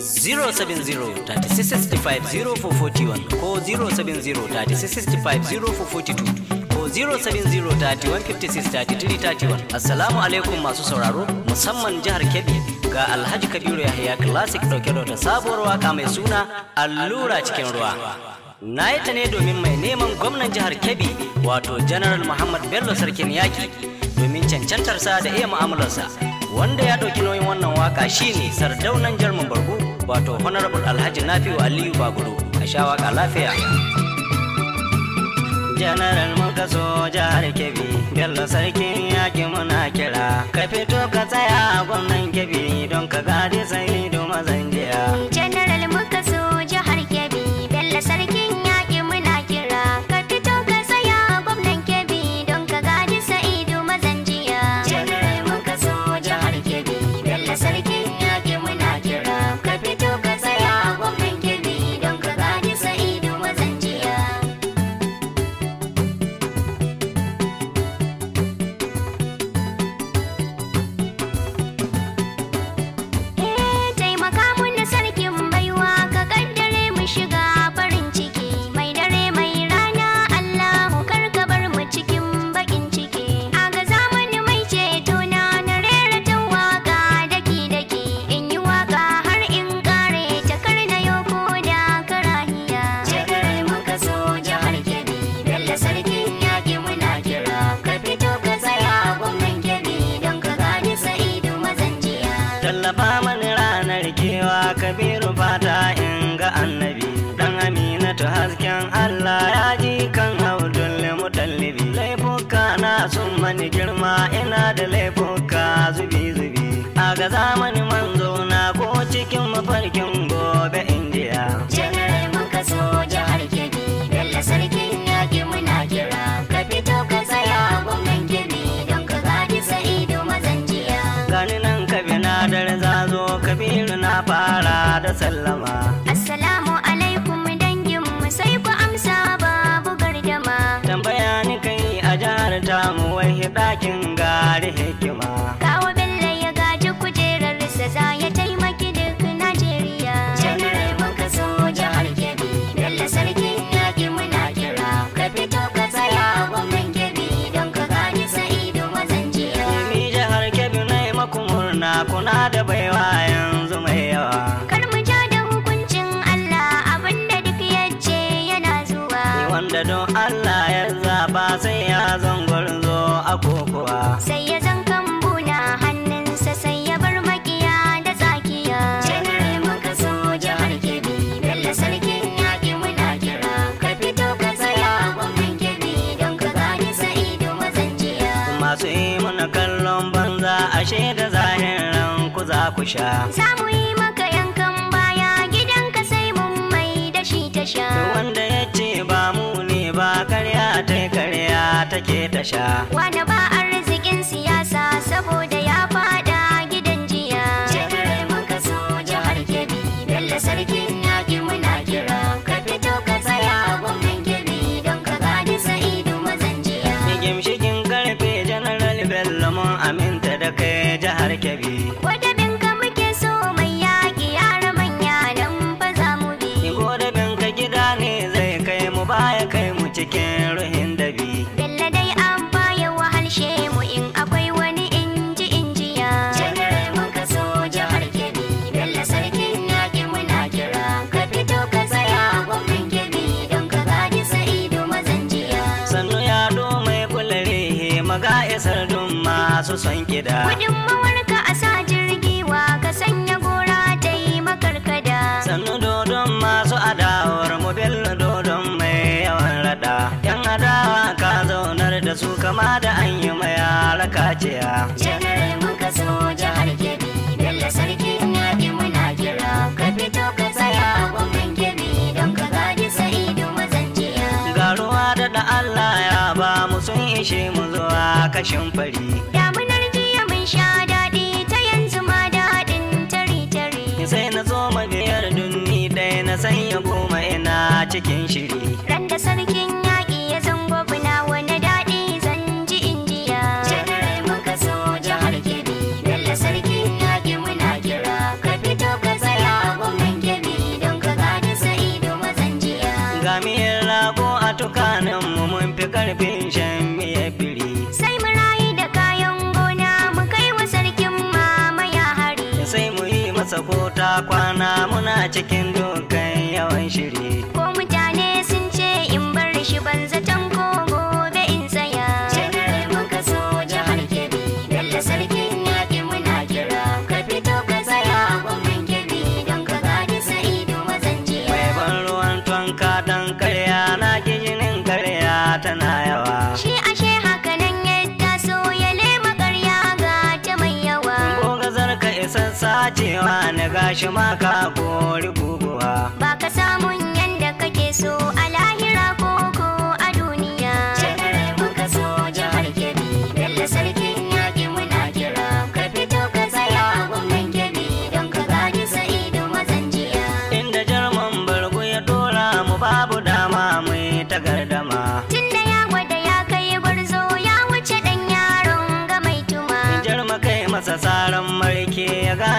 070-3665-0441 ko 070-3665-0442 ko 070-3156-3331 Assalamu alaikum masu sauraro musamman jihar Kebbi ga Alhaji Kabiru Yahya Classic ɗauke da wata sabuwar waka mai suna Allura cikin ruwa. Na yi ta ne domin mai neman gwamnan jihar Kebbi wato General Muhammad Bello Sarkin Yaki domin cancantarsa da iya mu'amalarsa. wanda ya ɗauki nauyin wannan waka shine sardaunan jarmin bargo wato honorable alhaji nafi'u aliyu baguro a sha waka lafiya janaral muka so jihar kebbi bello sarkin yaƙi muna kira ka fito ka tsaya a gwamnan kebbi don ka gadi bani girma ina da laifuka zubi-zubi a ga zamanin manzo na ko cikin mafarkin gobe indiya janarai muka so jihar kebbi bella sarkin yaƙi muna kira ka fito ka tsaya gwamnan kebbi don ka gadi sa'idu mazanjiya gani nan ka bi na dare zazo kabiru na fara da sallama ɗakin gari hikima. Kawo Bello ya gaji kujerar sa za ya taimaki duk Najeriya. Jami'ar muka so jihar Kebbi, Bello sarki ki muna kira. Ka fito ka tsaya a gwamnan Kebbi don ka gani sa'idu mazan jiya. Ni jihar Kebbi na yi maku murna kuna da baiwa yanzu mai yawa. agogowa sai ya zan kan buna hannunsa sai ya bar makiya da tsakiya janare muka so jihar kebbi bello sarkin yaƙi muna kira ka fito ka tsaya gwamnan kebbi don ka gani sa'idu mazanjiya masu yi muna kallon banza ashe da zahirin ku za ku sha za yi maka yankan baya gidanka sai mun mai da shi ta sha wanda ya ce ba mu ne ba karya ta take ta sha. Wani ba arzikin siyasa saboda ya fada gidan jiya. Jakare mun so jihar Kebbi, Bello sarkin yaƙi muna kira. Ka fito ka tsaya a gwamnan Kebbi don ka gadi sa'idu mazan jiya. Shigim shigin karfe General Bello mun aminta da kai jihar Kebbi. jiya janar mun so jihar kebbi bello sarki na bi muna kira ka fito ka tsaya a gwamnan kebbi don ka gadi sa'idu mazanjiya ga ruwa da da allah ya ba mu sun ishe mu zuwa kashin fari damunar jiya mun sha daɗi ta yanzu ma daɗin tari tari sai na zo magiyar dunni ɗaya na sanya goma ina cikin shiri ran sarkin cikin dokan yawan shiri ko mutane sun ce in bar shi ban zaton ko gobe in saya. janar muka so jihar kebbi bello sarkin yaƙi muna kira ka fito ka tsaya a gwamnan kebbi don ka gadi sa'idu mazan jiya mai ban ruwan tuwanka don kai cewa na gashi ka kori guguwa. Ba ka samun yadda kake so a lahira ko ko a duniya. Shekarai muka so jihar Kebbi, Bello sarkin yaƙi muna kira. Ka fito ka tsaya a gwamnan Kebbi don ka gani sa'idu mazanjiya. Inda jarman bargo ya dora mu babu dama mai ta gardama. Tunda ya gwada ya kai gwarzo ya wuce ɗan yaron ga mai tuma. Jarma kai masa saran mai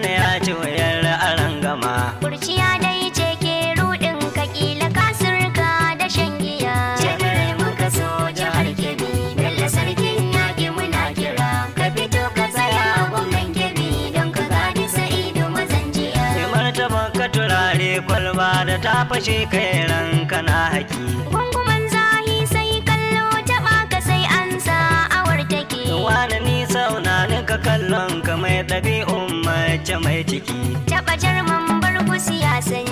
gane ya ci wayar aran gama. Kurciya dai ce ke rudin kakila kasurka da shan giya. Janarai muka so jihar Kebbi, Bello sarkin yaƙi muna kira. Ka fito ka tsaya gwamnan Kebbi don ka gadi sa'idu mazanjiya. Mai martaba ka turare kwalba da ta fashe kai ranka na haƙi. ka kallon ka mai ɗabi'un mace mai ciki. Taɓa jarman barku siyasan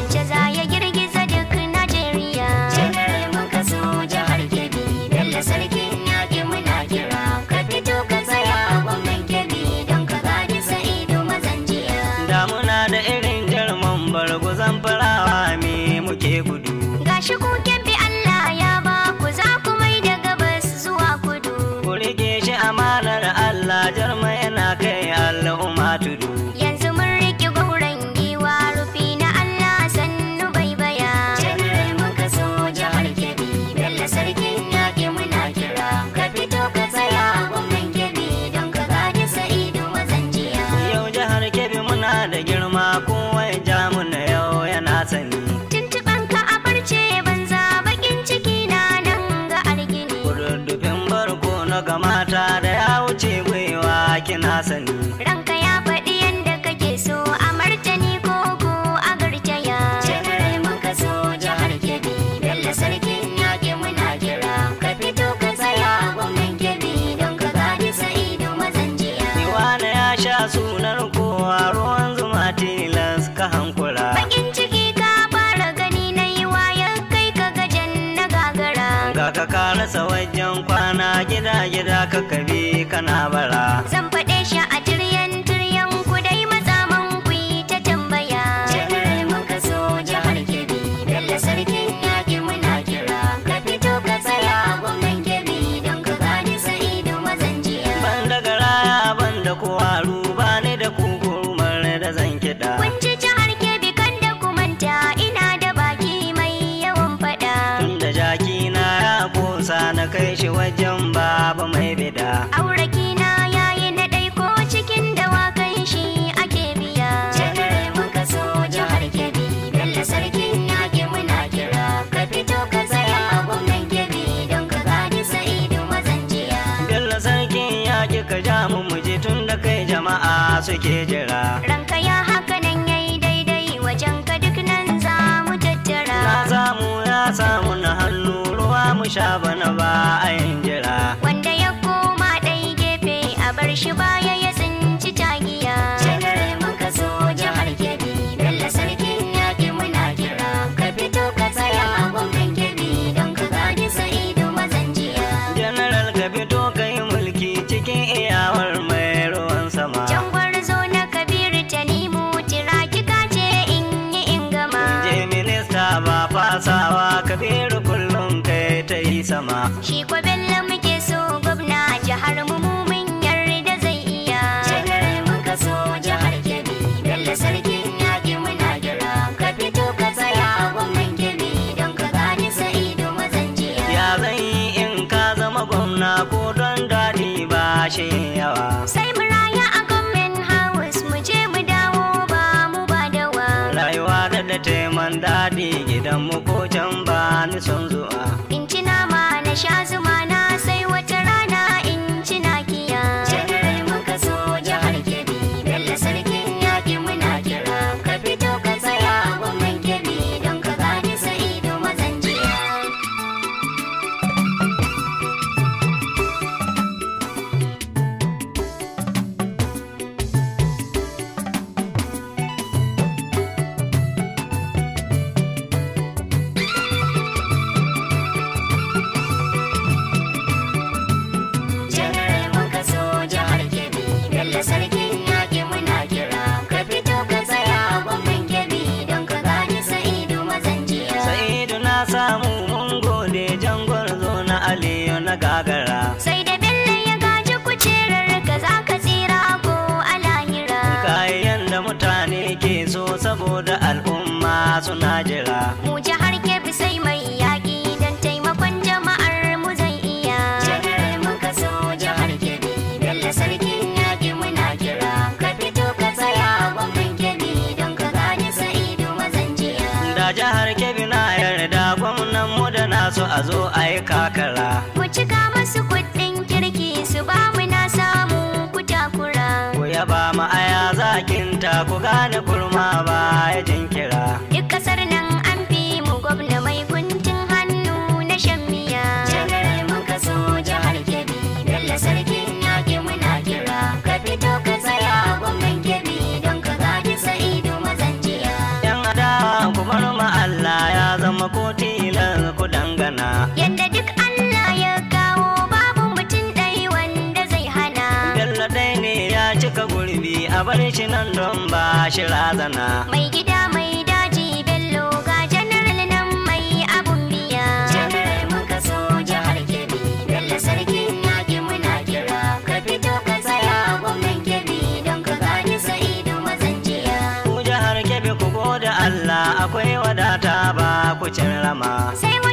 wajen kwana gida gida ka kabi kana bara wajen babu mai bida. Auraki na yayi na ɗaiko cikin dawakan shi ake biya. Janaral muka so jihar Kebbi, Bello sarkin yaƙi muna kira. Ka fito ka tsaya a gwamnan Kebbi don ka gani sa'idu mazanjiya. Bello sarkin yaƙi ka ja mu muje tun da kai jama'a suke jira. sha bana ba a yin jira. Wanda ya koma ɗayi gefe a bar shi baya na ko don daɗi ba shi yawa. Sai mu raya a gwamnan house mu je mu dawo ba mu ba dawa. Rayuwa da da taiman daɗi gidan mu ko can ba ni son zuwa. In ci ma na sha zuma. suna jira. Mu ji har sai mai yaƙi don taimakon jama'ar mu zai iya. Jihar mun kaso jihar Kebbi, Bello sarkin yaƙi muna kira. Ka fito ka tsaya a gwamnan Kebbi don ka gane sa'idu mazanjiya. Da jihar Kebbi na yarda gwamnan mu da nasu a zo a yi kakara. Mu cika masu kuɗin kirki su ba mu na samu ku takura. Ku yaba ma aya zakinta ku gane kurma ba ya original don ba shi razana. Mai gida mai daji bello ga janaral nan mai abun biya. Janaral muka so jihar Kebbi, bello sarki naki muna kira. Ka fito ka tsaya gwamnan Kebbi don ka gani sa'idu mazanjiya. Ku jihar Kebbi ku gode Allah akwai wadata ba ku cin rama. Sai mu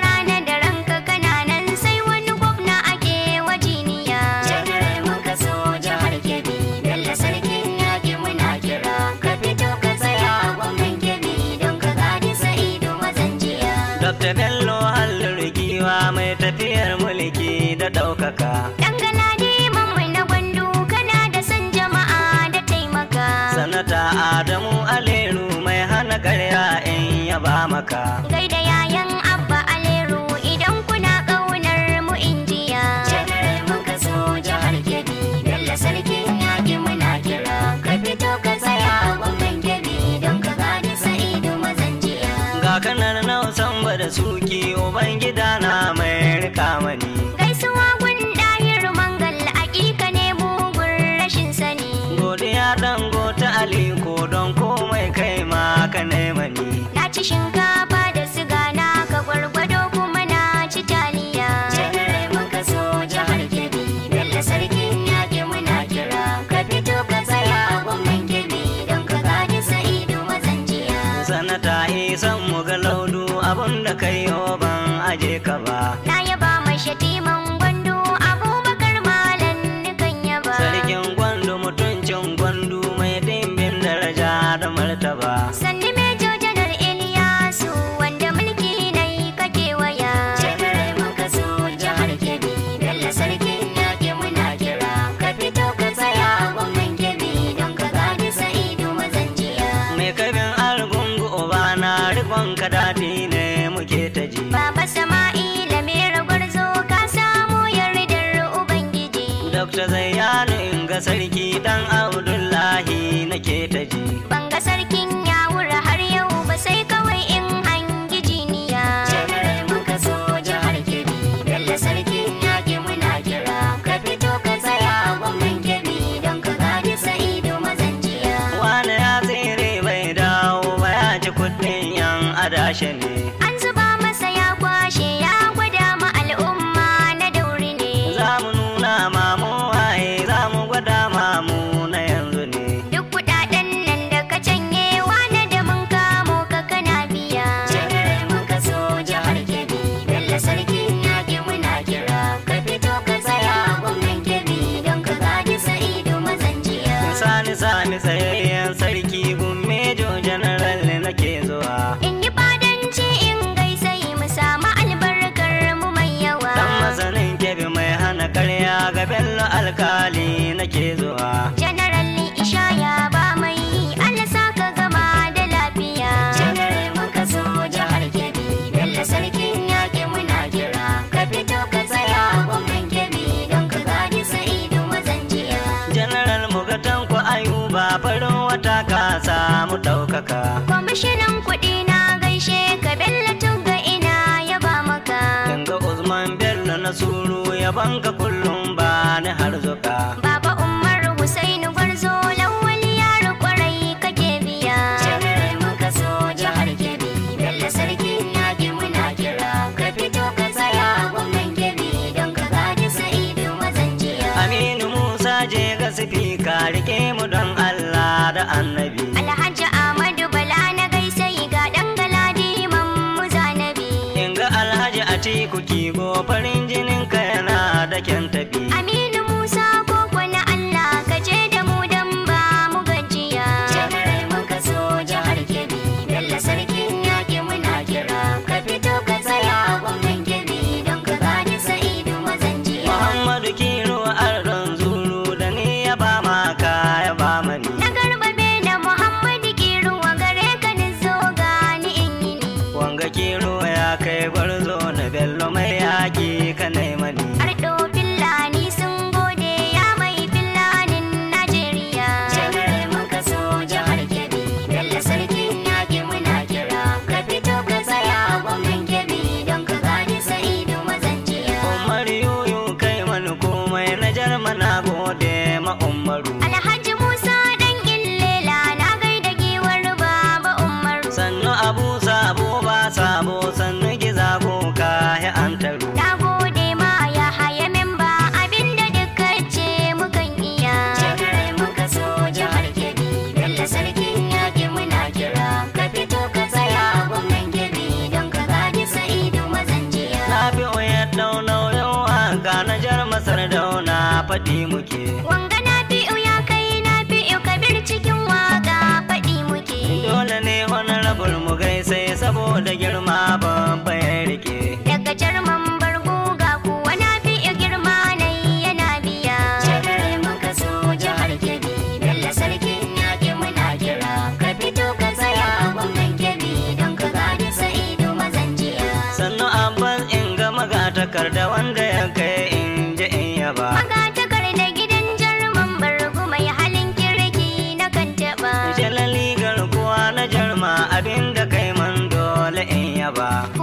ɗaukaka. Dangaladi mamman na gwandu kana da son jama'a da taimaka. Sanata Adamu Aleru mai hana karya in ya ba maka. da yayan Abba Aleru idan kuna ƙaunar mu injiya. Janaral mun ka zo jihar Kebbi, Bello sarkin yaƙi muna kira. Ka fito ka tsaya a gwamnan Kebbi don ka gane sa'idu mazanjiya. Ga kanar nausan ba da suki Ubangida na mai rika mani. zango ta aliko don komai kai ma ka nemani. Na ci shinkafa da siga na ka gwargwado kuma na ci taliya. Janarai muka so jihar Kebbi, Bello sarkin yaƙi muna kira. Ka fito ka tsaya a gwamnan Kebbi don ka gani sa'idu mazanjiya. Sanata isan mu ga laudu abin da kai ban aje ka ba. sarki dan audu zani tsaye maka kwamishinan kuɗi na gaishe ka bello ga ina ya ba maka yanga usman bello na suru ya banka kullum ba ni har zuka baba umar husaini gwarzo lawal yaro kwarai kake biya jami'ai muka so jihar Kebbi, bello sarki yaƙi muna kira ka fito ka tsaya a gwamnan kebi don ka gaji sa'idu mazanjiya aminu musa je ga sifi ka rike mu don allah da annabi faɗi muke. trabajo.